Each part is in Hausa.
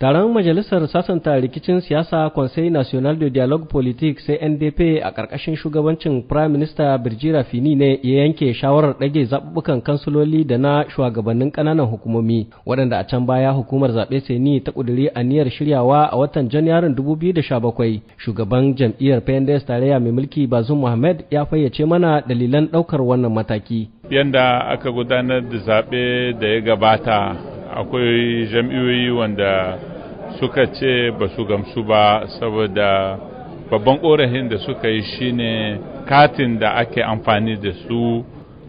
Taron Majalisar Sasanta Rikicin Siyasa Conseil National de Dialogue Politique CNDP a ƙarƙashin shugabancin Prime Minister birgira Fini ne ya yanke shawarar ɗage zaɓuɓɓukan kansuloli da na shugabannin ƙananan hukumomi waɗanda a can baya hukumar zaɓe Seni ta ƙuduri aniyar shiryawa a watan Janairun 2017. Shugaban jam'iyyar PNDS tarayya mai mulki Bazum Mohammed ya fayyace mana dalilan ɗaukar wannan mataki. Yanda aka gudanar da zaɓe da ya gabata akwai jam'iyyoyi wanda suka ce ba su gamsu ba saboda babban ƙorafin da suka yi shine katin da ake amfani da su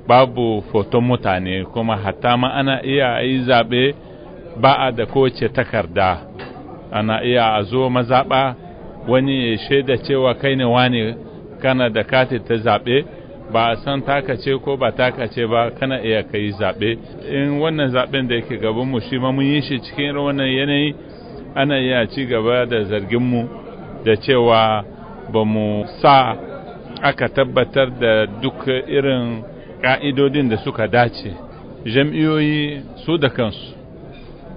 babu foton mutane kuma hatta ma ana iya yi zaɓe ba a da kowace takarda ana iya a zo mazaɓa wani ya shaida cewa kai ne wani kana da kati ta zaɓe ba a san takace ko ba takace ba kana iya kai zaɓe in wannan zaɓen da yake gaban mu shi ma mun yi shi cikin wannan yanayi ana iya ci gaba da zarginmu da cewa ba mu sa aka tabbatar da duk irin ƙa'idodin da suka dace jam'iyoyi su da kansu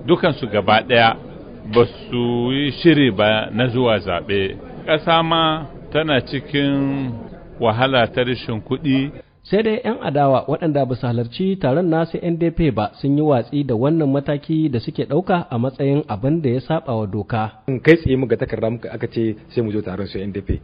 dukansu gaba ɗaya ba su yi shiri ba na zuwa zaɓe ƙasa ma tana cikin wahala ta rashin kuɗi sai dai 'yan adawa waɗanda ba su halarci taron nasu ndp ba sun yi watsi da wannan mataki da suke ɗauka a matsayin abin da ya saba wa doka kai tsaye muka takarda muka aka ce sai mu zo taron su ndp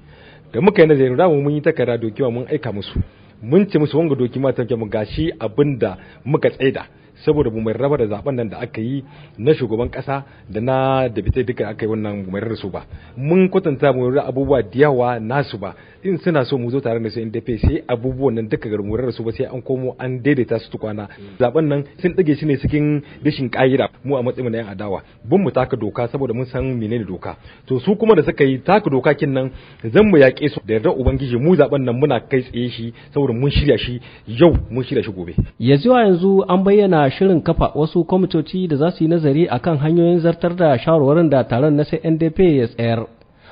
da muka yi nazarin ramu mun yi takarda dokiwa mun aika musu mun ce musu wanga doki ma ta mu gashi abin da muka tsaida saboda bumai raba da zaben nan da aka yi na shugaban kasa da na dabite duka aka yi wannan bumai raba su ba mun kwatanta mu abubuwa da yawa nasu ba in suna so mu zo tare da su dafe sai abubuwan nan duka garin mu su ba sai an komo an daidaita su tukwana zaben nan sun dage shi ne cikin rashin ka'ida mu a matsayin yan adawa bin mu taka doka saboda mun san menene doka to su kuma da suka yi taka doka kin nan zan mu yaƙe su da yarda ubangiji mu zaben nan muna kai tsaye shi saboda mun shirya shi yau mun shirya shi gobe ya yanzu an bayyana shirin kafa wasu kwamitoci da za su yi nazari a kan hanyoyin zartar da shawarwarin da taron na CNDP ya tsayar.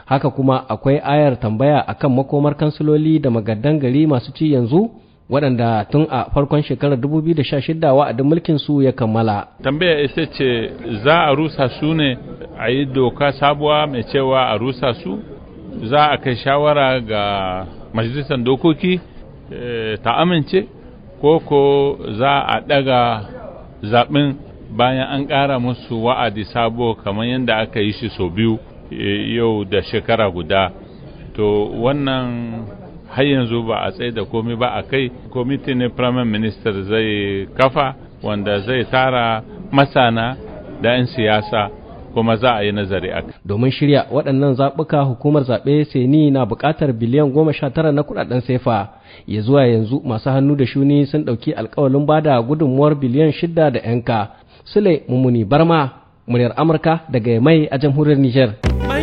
Haka kuma akwai ayar tambaya a kan makomar kansiloli da magaddan gari masu ci yanzu waɗanda tun a farkon shekarar 2016 wa'adin mulkin su ya kammala. Tambaya ita ce za a rusa su ne a yi doka sabuwa mai cewa a rusa su za a kai shawara ga majalisar dokoki eh, ta amince ko ko za a ɗaga zaɓen bayan an ƙara musu wa'adi sabo kamar yadda aka yi shi sau biyu e, yau da shekara guda to wannan har yanzu ba a tsaye da komi ba a kai kwamiti ne prime minister zai kafa wanda zai tara masana da 'yan siyasa kuma za a yi nazari a domin shirya waɗannan zaɓuka hukumar zaɓe seni na buƙatar biliyan goma sha tara na kuɗaɗen sefa ya zuwa yanzu masu hannu da shuni sun ɗauki alƙawalin bada gudunmuwar biliyan shida da yanka sule mummuni barma muryar amurka daga mai a jamhuriyar niger